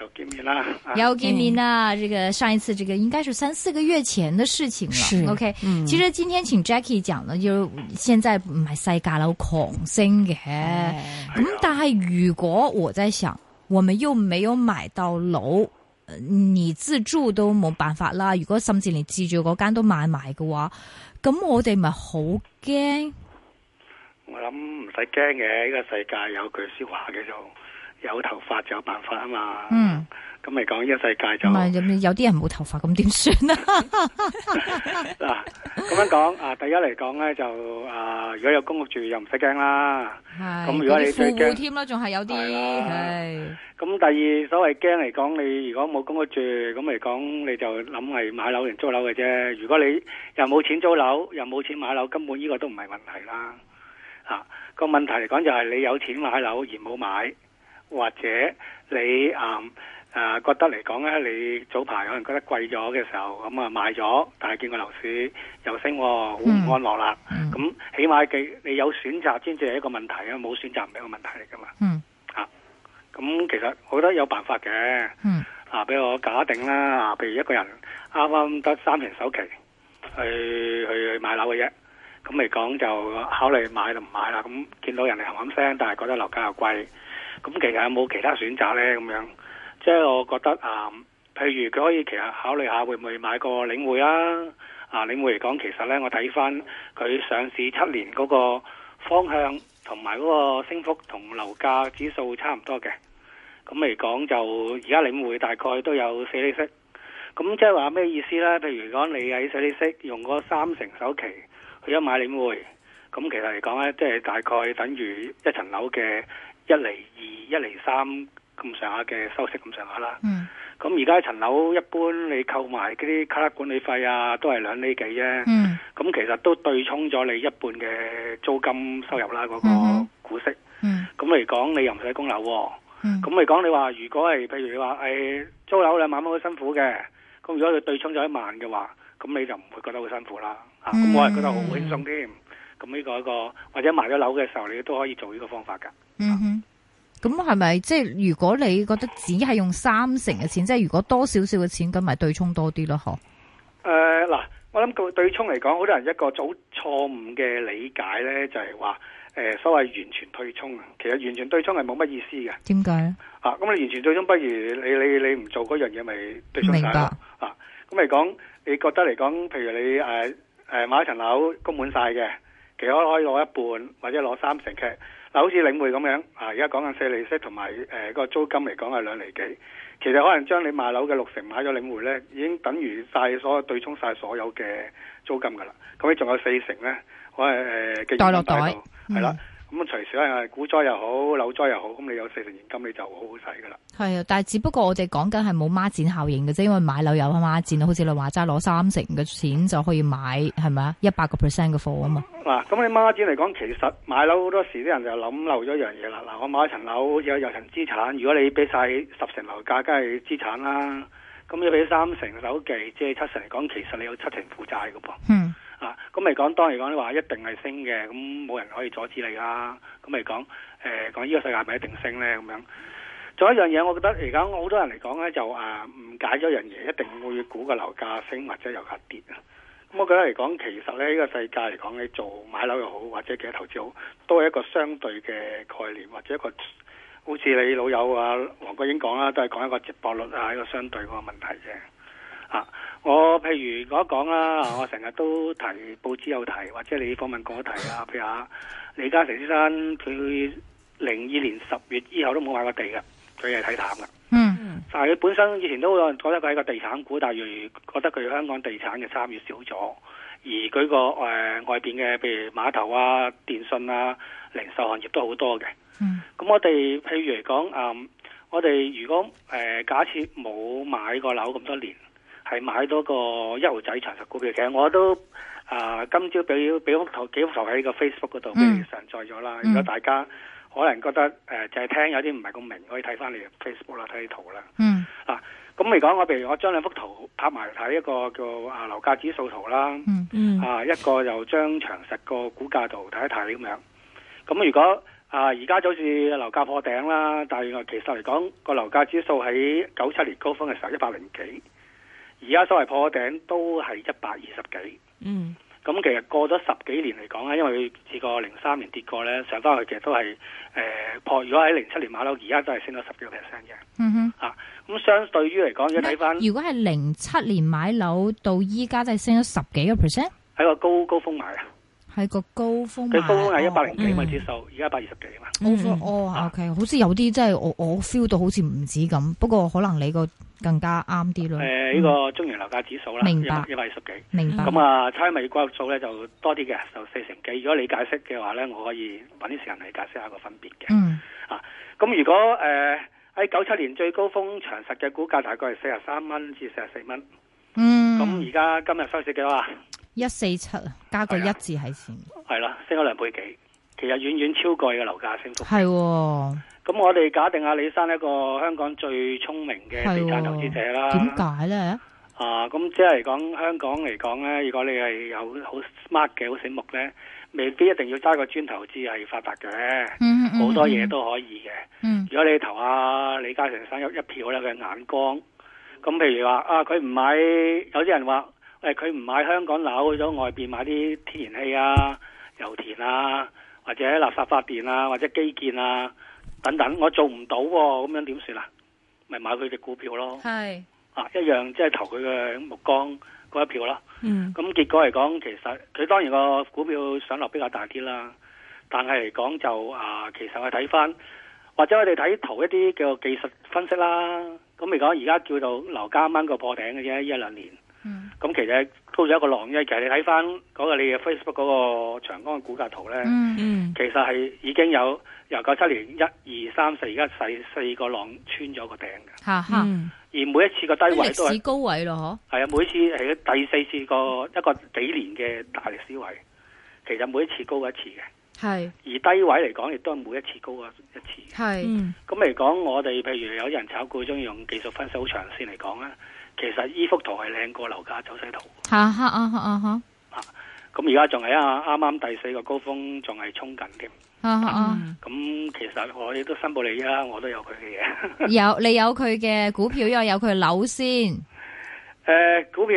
又見面啦！又、嗯、見面啦！這個上一次這個應該是三四個月前的事情啦。OK，其實今天請 Jacky 講呢就、嗯、現在唔係世界樓狂升嘅，咁、嗯嗯、但係如果我在想，我們又沒有買到樓，你自住都冇辦法啦。如果甚至連自住嗰間都買埋嘅話，咁我哋咪好驚？我諗唔使驚嘅，呢、這個世界有句說話叫做。有頭髮就有辦法啊嘛，嗯，咁嚟講呢個世界就唔係有啲人冇頭髮，咁點算啊？嗱，咁樣講啊，第一嚟講呢就啊，如果有公屋住又唔使驚啦。係，咁如果你最驚添啦，仲係有啲係。咁第二所謂驚嚟講，你如果冇公屋住咁嚟講，你就諗係買樓定租樓嘅啫。如果你又冇錢租樓，又冇錢買樓，根本呢個都唔係問題啦。啊，個問題嚟講就係你有錢買樓而冇買。或者你啊啊覺得嚟講咧，你早排可能覺得貴咗嘅時候，咁啊買咗，但係見個樓市又升，好唔安樂啦。咁、嗯嗯、起碼嘅你有選擇先至係一個問題啊，冇選擇唔係一個問題嚟噶嘛。嗯，啊，咁其實我覺得有辦法嘅。嗯，啊，畀我假定啦，啊，譬如一個人啱啱得三成首期去去買樓嘅啫，咁嚟講就考慮買就唔買啦。咁見到人哋喊喊聲，但係覺得樓價又貴。咁其實有冇其他選擇呢？咁樣，即係我覺得啊，譬如佢可以其實考慮下，會唔會買個領匯啦、啊。啊，領匯嚟講，其實呢，我睇翻佢上市七年嗰個方向同埋嗰個升幅同樓價指數差唔多嘅。咁嚟講就而家領匯大概都有四厘息。咁即係話咩意思呢？譬如講你喺四厘息用嗰三成首期去一買領匯，咁其實嚟講呢，即係大概等於一層樓嘅一厘二。一厘三咁上下嘅收息咁上下啦，咁而家一層樓一般你購埋嗰啲卡拉管理費啊，都係兩厘幾啫，咁、嗯、其實都對沖咗你一半嘅租金收入啦，嗰、嗰個股息。咁嚟、嗯嗯、講，你又唔使供樓、哦，咁嚟、嗯、講，你話如果係譬如你話係租樓兩萬蚊好辛苦嘅，咁如果佢對沖咗一萬嘅話，咁你就唔會覺得好辛苦啦。嚇、嗯，咁、啊、我係覺得好輕鬆添。咁呢、嗯、個一個或者賣咗樓嘅時候，你都可以做呢個方法㗎。嗯啊咁係咪即係如果你覺得只係用三成嘅錢，即係如果多少少嘅錢，咁咪對沖多啲咯？嗬。誒，嗱，我諗對對沖嚟講，好多人一個早錯誤嘅理解咧，就係話，誒，所謂完全對沖啊，其實完全對沖係冇乜意思嘅。點解？啊，咁你完全對沖不如你你你唔做嗰樣嘢，咪對沖晒咯。啊，咁嚟講，你覺得嚟講，譬如你誒誒、呃呃、買一層樓供滿晒嘅，其實可以攞一半或者攞三成嘅。就好似領匯咁樣，啊而家講緊四厘息，同埋誒個租金嚟講係兩厘幾。其實可能將你賣樓嘅六成買咗領匯咧，已經等於曬所有對沖晒所有嘅租金㗎啦。咁你仲有四成咧，可係誒嘅。袋啦袋。的咁啊，隨時係股災又好，樓災又好，咁你有四成現金，你就好好使噶啦。係啊，但係只不過我哋講緊係冇孖展效應嘅啫，因為買樓有孖展，好似你話齋，攞三成嘅錢就可以買，係咪啊？一百個 percent 嘅貨啊嘛。嗱、嗯，咁你孖展嚟講，其實買樓好多時啲人就諗漏咗一樣嘢啦。嗱，我買一層樓有，有層資產，如果你俾晒十成樓價，梗係資產啦。咁你俾三成首期，即係七成嚟講，其實你有七成負債噶噃。嗯。啊！咁咪講當然講你話一定係升嘅，咁冇人可以阻止你啦、啊。咁咪講誒、欸、講呢個世界咪一定升咧咁樣。仲有一樣嘢，我覺得而家好多人嚟講咧，就啊誤解咗樣嘢，一定會估個樓價升或者樓價跌啊。咁我覺得嚟講，其實咧呢、呢個世界嚟講，你做買樓又好，或者其他投資好，都係一個相對嘅概念，或者一個好似你老友啊黃國英講啦，都係講一個值博率啊，一個相對嗰個問題嘅我譬如講一講啦、啊，我成日都提報紙有提，或者你訪問過一提啊。譬如啊，李嘉誠先生，佢零二年十月之後都冇買過地㗎，佢係睇淡㗎。嗯，但係佢本身以前都覺得佢係個地產股，但係如覺得佢香港地產嘅參與少咗，而佢個外邊嘅譬如碼頭啊、電信啊、零售行業都好多嘅、嗯。嗯，咁我哋譬如嚟講，嗯，我哋如果假設冇買過樓咁多年。係買多個一號仔長實股票，嘅。我都啊，今朝俾俾幅圖幾幅圖喺個 Facebook 嗰度俾你上載咗啦。嗯、如果大家可能覺得誒就係聽有啲唔係咁明，可以睇翻你 Facebook 啦，睇啲圖啦。嗱、嗯啊，咁如果我譬如我將兩幅圖拍埋睇，一個叫啊樓價指數圖啦，啊一個又將長實個股價圖睇一睇咁樣。咁如果啊而家就好似樓價破頂啦，但係其實嚟講、個樓價指數喺九七年高峰嘅時候一百零幾。而家所謂破頂都係一百二十幾，嗯，咁其實過咗十幾年嚟講咧，因為佢試過零三年跌過咧，上翻去其實都係誒、呃、破。如果喺零七年買樓，而家都係升咗十幾個 percent 嘅，嗯哼，啊，咁相對於嚟講，麼要如果睇翻，如果係零七年買樓到依家都係升咗十幾個 percent，喺個高高峰買啊，喺個高峰買，佢高峰係一百零幾咪接受，而家一百二十幾嘛。我我 OK，好似有啲即係我我 feel 到好似唔止咁，不過可能你個。更加啱啲咯。誒、嗯，呢個中原樓價指數啦，一百白一百二十幾。明白。咁啊，猜異掛數咧就多啲嘅，就四成幾。如果你解釋嘅話咧，我可以揾啲時間嚟解釋下個分別嘅。嗯。啊，咁如果誒喺九七年最高峰長實嘅股價大概係四十三蚊至四十四蚊。嗯。咁而家今日收市幾多啊？一四七啊，加個一字喺前。係咯，升咗兩倍幾。其實遠遠超過嘅樓價升幅。係喎、哦。咁我哋假定阿李生一個香港最聰明嘅地產投資者啦、哦，點解咧？啊，咁即係嚟講香港嚟講咧，如果你係有好 smart 嘅、好醒目咧，未必一定要揸個磚頭投資係發達嘅，好、嗯嗯、多嘢都可以嘅。嗯、如果你投下、啊、李嘉誠生一票咧嘅、嗯、眼光，咁譬如話啊，佢唔買，有啲人話誒，佢唔買香港樓，去咗外邊買啲天然氣啊、油田啊，或者垃圾發電啊，或者基建啊。等等，我做唔到喎、哦，咁樣點算啊？咪買佢隻股票咯，是啊一樣即係投佢嘅目光嗰一票啦。咁、嗯、結果嚟講，其實佢當然個股票上落比較大啲啦，但係嚟講就啊，其實我睇翻，或者我哋睇投一啲叫技術分析啦。咁嚟講，而家叫做樓價掹個破頂嘅啫，一兩年。咁、嗯、其實。高咗一個浪，因為其實你睇翻嗰個你嘅 Facebook 嗰個長江嘅股價圖咧，嗯、其實係已經有由九七年一二三四，而家四四個浪穿咗個頂嘅。吓、嗯、而每一次個低位都係高位咯，嗬？係啊，每一次係第四次個一個幾年嘅大歷史位，其實每一次高一次嘅。係是。而低位嚟講，亦都係每一次高過一次。係是。咁嚟、嗯、講我，我哋譬如有人炒股，中意用技術分析好長線嚟講其實依幅圖係靚過樓價走勢圖。吓吓啊啊吓！吓，咁而家仲係啊，啱啱第四個高峰，仲係衝緊添。啊啊！咁其實我亦都申報你啦，我都有佢嘅嘢。 有你有佢嘅股票，又有佢樓先。誒、呃，股票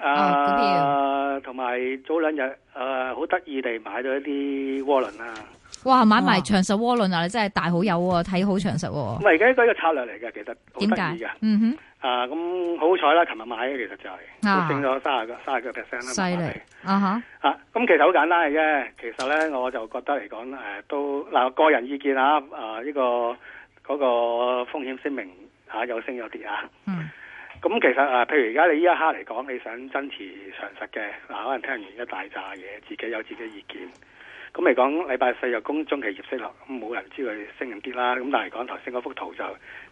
啊，股票同埋早兩日誒，好得意地買咗一啲渦輪啦。哇！買埋長實窩輪啊，你真係大好友喎，睇好長實喎。唔係嘅，都係一個策略嚟嘅，其實好得意嘅。點解？嗯哼。啊，咁好彩啦！琴日買嘅其實就係、是，升咗三十個三十個 percent 啦。犀利。害的啊哈。嚇，咁其實好簡單嘅啫。其實咧，我就覺得嚟講誒，都嗱個人意見啊，誒、啊，呢、這個嗰、那個風險聲明嚇、啊，有升有跌啊。咁、嗯啊、其實誒、啊，譬如而家你呢一刻嚟講，你想增持長實嘅嗱、啊，可能聽完一大揸嘢，自己有自己意見。咁嚟講，禮拜四就公中期業績落，咁冇人知佢升定跌啦。咁但係講頭先嗰幅圖就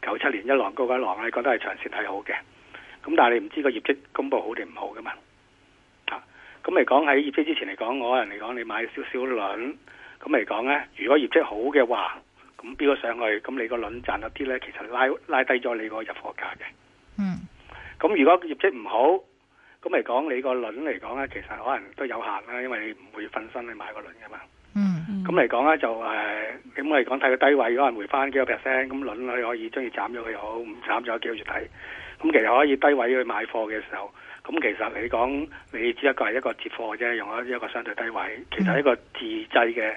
九七年一浪高一浪咧，覺得係長線睇好嘅。咁但係你唔知個業績公布好定唔好噶嘛？吓！咁嚟講喺業績之前嚟講，我個人嚟講，你買少少輪，咁嚟講咧，如果業績好嘅話，咁飆咗上去，咁你個輪賺咗啲咧，其實拉拉低咗你個入貨價嘅。嗯。咁如果業績唔好？咁嚟講，你個輪嚟講咧，其實可能都有限啦，因為你唔會瞓身去買個輪噶嘛，嗯。嗯，咁嚟講咧就誒，咁我哋講睇個低位，可能回翻幾個 percent，咁輪你可以中意斬咗佢又好，唔斬就 keep 住睇。咁其實可以低位去買貨嘅時候。咁其實你講你只一個係一個接貨啫，用咗一個相對低位，其實一個自製嘅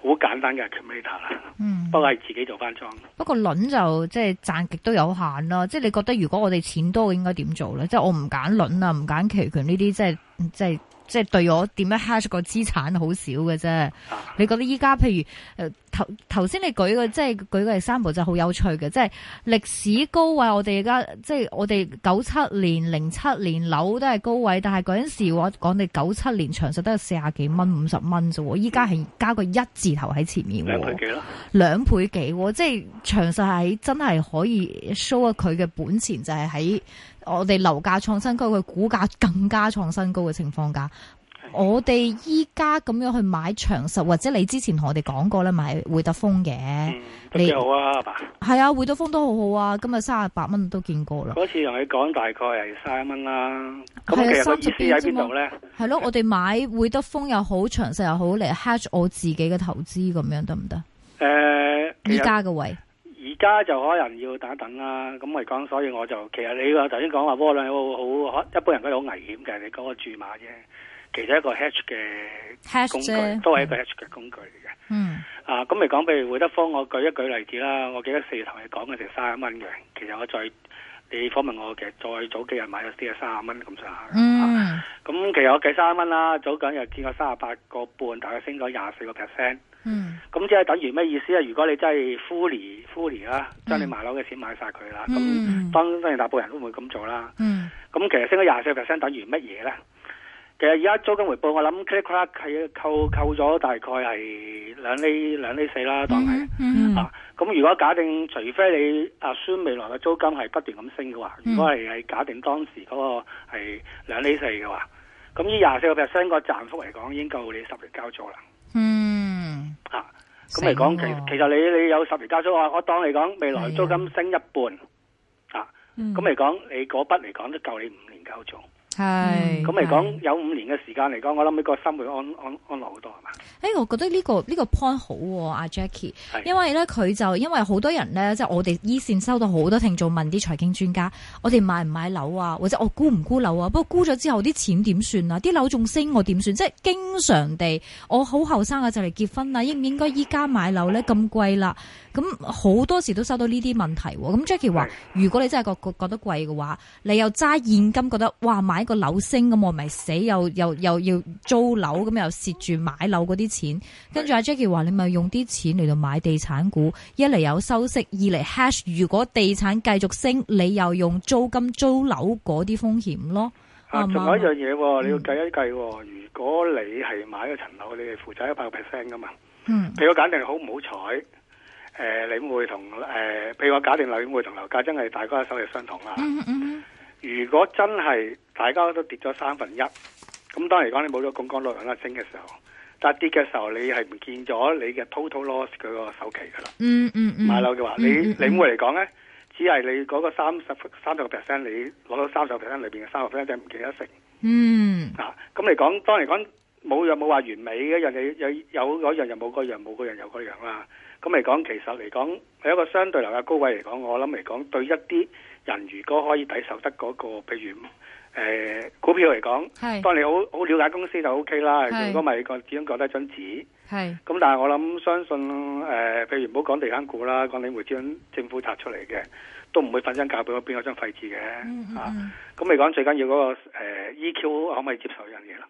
好簡單嘅 Accumulator 啦。嗯，不過係自己做翻倉。不過輪就即係賺極都有限啦。即係你覺得如果我哋錢多，應該點做咧？即係我唔揀輪啊，唔揀期權呢啲，即係即係。即係對我點樣 hatch 個資產好少嘅啫。啊、你覺得依家譬如誒頭先你舉個即係舉個 example 就好有趣嘅，即係歷史高位我哋而家即係我哋九七年、零七年樓都係高位，但係嗰陣時我講你九七年長實都係四十幾蚊、五十蚊啫，依家係加個一字頭喺前面兩兩倍幾咯，兩倍幾即係長實係真係可以 show 佢嘅本錢就係喺。我哋樓價創新高，佢股價更加創新高嘅情況下，的我哋依家咁樣去買長實，或者你之前同我哋講過咧買匯德豐嘅，你、嗯、好啊，係嘛你？係爸啊，匯德豐都好好啊，今日三十八蚊都見過啦。嗰次同你講大概係三十蚊啦，係啊，三十邊度咧？係咯，我哋買匯德豐又好，長實又好嚟 hedge 我自己嘅投資咁樣得唔得？誒、呃，依家嘅位置。而家就可能要等一等啦，啊，咁嚟講，所以我就其實你個頭先講話窩輪好一般人都覺得好危險嘅，你講個注碼啫，其實一個 hedge 嘅工具，H edge，都係一個 hedge 嘅工具嚟嘅。嗯、啊咁嚟講，譬如會德豐，我舉一舉例子啦，我記得四月同你講嘅成三十蚊嘅，其實我再你訪問我，我其實再早幾日買咗啲，嗯、啊三十蚊咁上下。咁其實我計三十蚊啦，早幾日又見過三十八個半，大概升咗廿四個 percent。嗯，咁即係等於咩意思咧？如果你真係 fully fully 啦，將、嗯、你買樓嘅錢買晒佢啦，咁、嗯、當當然大部分人都唔會咁做啦。嗯，咁其實升咗廿四個 percent 等於乜嘢咧？其實而家租金回報我諗 click clack 係扣扣咗大概係兩厘兩厘四啦，當係、嗯嗯、啊。咁、嗯、如果假定除非你 assume 未來嘅租金係不斷咁升嘅話，嗯、如果係係假定當時嗰個係兩厘四嘅話，咁呢廿四個 percent 個賺幅嚟講，已經夠你十年交租啦。咁嚟講，講了其其實你你有十年交租，我我當你講，未來租金升一半，的啊，咁嚟講，嗯、你嗰筆嚟講都夠你五年交租。係，咁嚟講有五年嘅時間嚟講，我諗呢個心會安安安樂好多係嘛？誒，hey, 我覺得呢、呢個呢、呢個 point 好，啊，阿 Jackie，< 是的 S 2> 因為咧佢就因為好多人咧，即、就、係、是、我哋一線收到好多聽眾問啲財經專家，我哋買唔買樓啊？或者我估唔估樓啊？不過估咗之後，啲錢點算啊？啲樓仲升我點算？即係經常地，我好後生啊，就嚟結婚啊，應唔應該依家買樓咧？咁貴啦，咁好多時都收到呢啲問題，啊。咁 Jackie 話，是的 如果你真係覺覺得貴嘅話，你又揸現金，覺得哇買？個樓升咁我咪死又又又要租樓咁又蝕住買樓嗰啲錢，跟住阿 Jackie 話你咪用啲錢嚟到買地產股，一嚟有收息，二嚟 hedge。如果地產繼續升，你又用租金租樓嗰啲風險咯，仲、啊、有一樣嘢、哦，你要計一計、哦，嗯、如果你係買個層樓，你係負責一百個 percent 噶嘛？嗯，譬如我假定好唔好彩，誒，你會同誒，譬如我假定你會同樓價真係大家收益相同啦。嗯嗯嗯。如果真係大家都跌咗三分一，咁當嚟講你冇咗槓杆率咁樣升嘅時候，但係跌嘅時候你係唔見咗你嘅 total loss 佢個首期㗎啦、嗯。嗯嗯嗯，買樓嘅話，你你會嚟講咧，只係你嗰個三十三十個 percent 你攞到三十個 percent 裏邊嘅三個 percent 唔見得成。嗯，啊咁嚟講，當嚟講冇有冇話完美一樣嘢，有有嗰樣又冇嗰樣，冇嗰樣有嗰樣啦。咁嚟講，其實嚟講係一個相對流價高位嚟講，我諗嚟講對一啲人如果可以抵受得嗰、那個，譬如誒、呃、股票嚟講，是當你好好了解公司就 O、OK、K 啦。如果咪個只樣覺得一張紙，咁是但係我諗相信誒、呃，譬如唔好講地產股啦，講你會將政府拆出嚟嘅，都唔會奮身教俾我變個張廢紙嘅。咁嚟講最緊要嗰、那個、呃、E Q 可唔可以接受一樣嘢啦？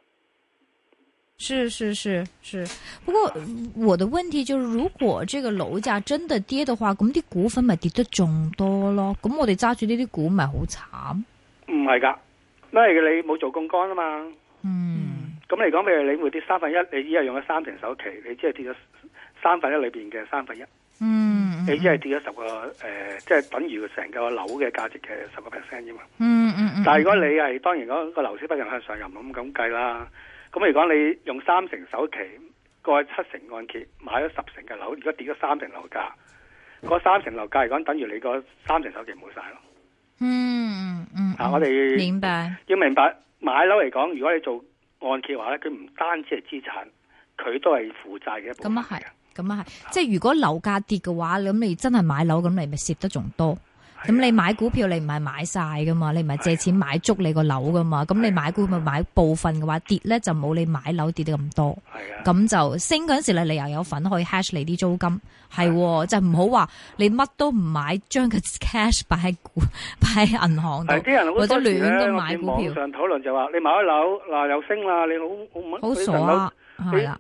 是是是是，是是是不過我的問題就係、是、如果這個樓價真的跌的話，咁啲股份咪跌得仲多咯，咁我哋揸住呢啲股咪好慘？唔係噶，因為你冇做槓桿啊嘛。嗯，咁你講，譬如你會跌三分一，你依家用咗三成首期，你只係跌咗三分一裏邊嘅三分一。嗯，你只係跌咗十個誒、呃，即係等於成個樓嘅價值嘅十個 percent 啫嘛。嗯嗯，但係如果你係、嗯、當然嗰個樓市不斷向上，又唔咁咁計啦。咁如果你用三成首期，過去七成按揭買咗十成嘅樓，如果跌咗三成樓價，嗰三成樓價嚟講，等於你個三成首期冇晒咯。嗯嗯嗯。啊，我哋明白，要明白買樓嚟講，如果你做按揭嘅話咧，佢唔單止係資產，佢都係負債嘅一部分咁、嗯嗯嗯、啊係，咁啊係，即係如果樓價跌嘅話，咁你真係買樓咁你咪蝕得仲多。咁你買股票你買，你唔係買晒噶嘛？你唔係借錢買足你個樓噶嘛？咁的你買股咪買部分嘅話，跌咧，就冇你買樓跌得咁多。係啊的，咁就升嗰陣時咧，你又有份可以 hedge 你啲租金，係的的就唔好話你乜都唔買，將個 cash 擺喺擺喺銀行度，人都或者亂咁買股票上討論就話你買開樓，嗱又升啦，你好好唔好傻啊？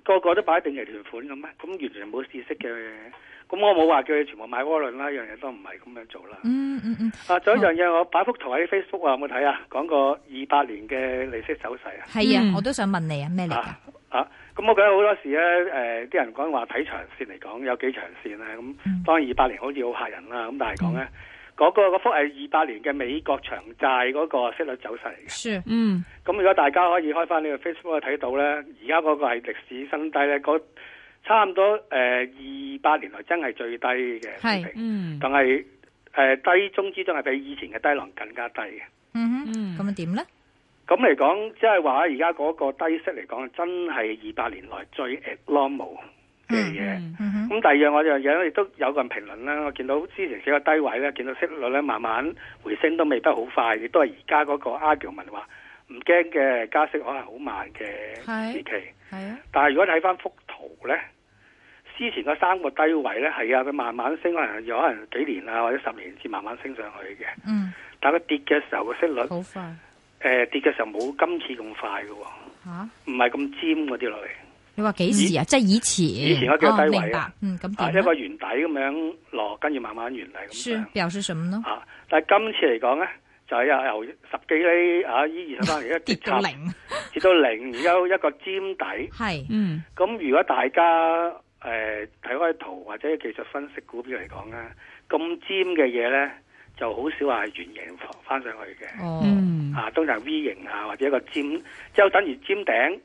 個，個個都擺定期存款咁咩？咁的完全冇知識嘅。咁我冇話叫你全部買窩輪啦，一樣嘢都唔係咁樣做啦。嗯嗯嗯。啊、嗯，仲有一樣嘢，我擺幅圖喺 Facebook 啊，有冇睇啊？講個二百年嘅利息走勢啊。係啊，我都想問你啊，咩嚟㗎？咁、啊、我覺得好多時咧，誒啲人講話睇長線嚟講，有幾長線啊？咁當然二百年好似好嚇人啦。咁但係講咧，嗰、嗯、個嗰幅係二百年嘅美國長債嗰個息率走勢嚟嘅。嗯。咁如果大家可以開翻呢個 Facebook 去睇到咧，而家嗰個係歷史新低咧，嗰個差唔多誒，二、呃、百年來真係最低嘅水平，是嗯、但係誒、呃、低中之中係比以前嘅低浪更加低嘅、嗯，嗯咁樣點咧？咁嚟講，即係話而家嗰個低息嚟講，真係二百年來最 normal 嘅嘢。咁第二樣我樣嘢，我哋都有個人評論啦。我見到之前幾個低位咧，見到息率咧慢慢回升都未得好快，亦都係而家嗰個 argument 話唔驚嘅加息可能好慢嘅時期，係啊。但係如果睇翻復咧，之前個三個低位咧，係啊，佢慢慢升啊，又可能有幾年啊，或者十年至慢慢升上去嘅。嗯，但係佢跌嘅時候個息率好快。誒、呃，跌嘅時候冇今次咁快嘅，吓唔係咁尖嗰啲嚟。你話幾時啊？即係以前，以前嗰幾個低位啊。明白。咁、嗯啊、一個圓底咁樣落，跟住慢慢圓底咁樣。是表示什麼呢？啊，但係今次嚟講咧。就係由十幾釐啊，依二十三釐一跌插跌到零，而家到 一個尖底。係，嗯。咁如果大家誒睇開圖或者技術分析股票嚟講咧，咁尖嘅嘢咧就好少話係圓形翻上去嘅。嗯、哦、啊，通常 V 型啊，或者一個尖，即係等於尖頂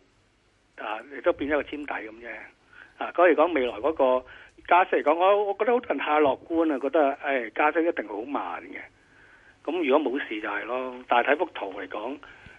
啊，亦都變成一個尖底咁啫。啊，所以講，來講未來嗰、嗰個加息嚟講，我我覺得好多人太樂觀、啊、覺得誒加息一定好慢嘅。咁如果冇事就係咯，但係睇幅圖嚟講，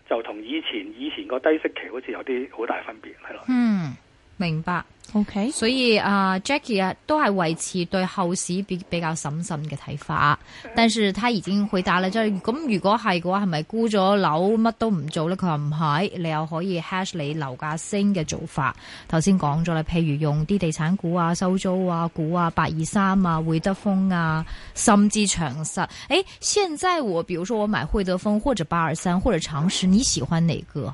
就同以前以前個低息期好似有啲好大分別。係咯。嗯明白，OK，所以啊、uh,，Jackie 啊，都係維持對後市比比較審慎嘅睇法，但是他已經回答啦。即係咁，如果係嘅話，係咪沽咗樓乜都唔做咧？佢話唔係，你又可以 hash 你樓價升嘅做法。頭先講咗啦，譬如用啲地產股啊、收租啊股啊、八二三啊、會德豐啊，甚至長實。誒、哎，現在我，比如說我買會德豐或者八二三或者長實，你喜歡哪個？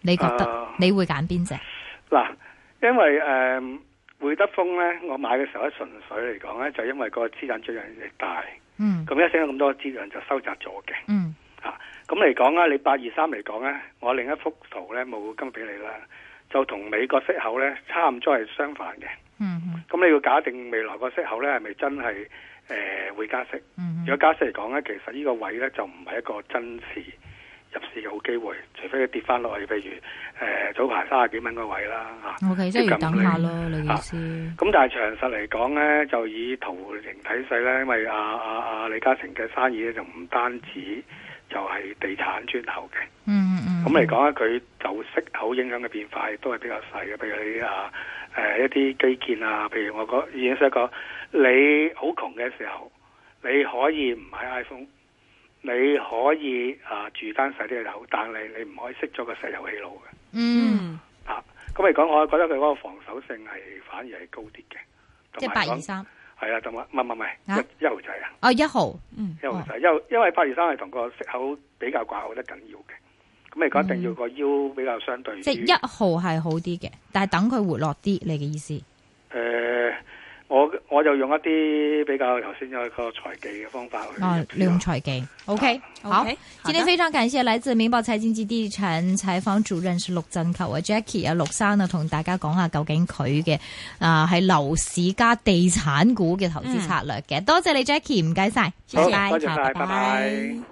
你覺得你會揀邊隻？哪位嘉賓仔？嗱。因為誒匯、呃、德豐咧，我買嘅時候咧純粹嚟講咧，就是、因為那個資產質量力大，咁、嗯、一升咗咁多資產就收窄咗嘅。吓咁嚟講啊，呢你八二三嚟講咧，我另一幅圖咧冇跟俾你啦，就同美國息口咧差唔多係相反嘅。咁、嗯嗯、你要假定未來個息口咧係咪真係誒、呃、會加息？嗯嗯，如果加息嚟講咧，其實呢個位咧就唔係一個真事。入市嘅好機會，除非佢跌翻落去，譬如誒、呃、早排卅幾蚊個位啦嚇，O K，即係等下咯，啊、你意思咁。但係長實嚟講咧，就以圖形體勢咧，因為阿阿阿李嘉誠嘅生意咧就唔單止就係地產磚頭嘅。嗯嗯、mm。咁嚟講咧，佢就息口影響嘅變化亦都係比較細嘅，譬如你啊誒、啊、一啲基建啊，譬如我講已經識講，你好窮嘅時候，你可以唔買 iPhone。你可以啊住間細啲嘅樓，但係你唔可以熄咗個石油氣爐嘅。嗯，啊，咁嚟講，你你嗯啊、我覺得佢嗰個防守性係反而係高啲嘅。即係八二三，係啊，同埋唔唔唔，啊、一一號仔啊。哦，一號，嗯，一號仔，因、哦、因為八二三係同個石口比較掛鈎得緊要嘅。咁你講，一定要個腰比較相對、嗯。即係一號係好啲嘅，但係等佢活落啲，你嘅意思？誒、呃。我我就用一啲比較頭先有一個財技嘅方法去，啊利用財技。O K，好，okay，今天非常感謝來自明報財經及地產採訪主任是陸振球啊，Jackie 啊，陸生啊，同大家講下究竟佢嘅啊係樓市加地產股嘅投資策略嘅。嗯、多謝你，Jackie，唔該晒，多謝晒，拜拜。